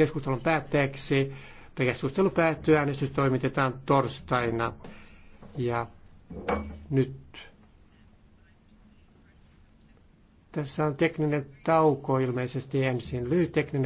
keskustelun päätteeksi. Keskustelu päättyy, äänestys toimitetaan torstaina. Ja nyt tässä on tekninen tauko ilmeisesti ensin, lyhyt tekninen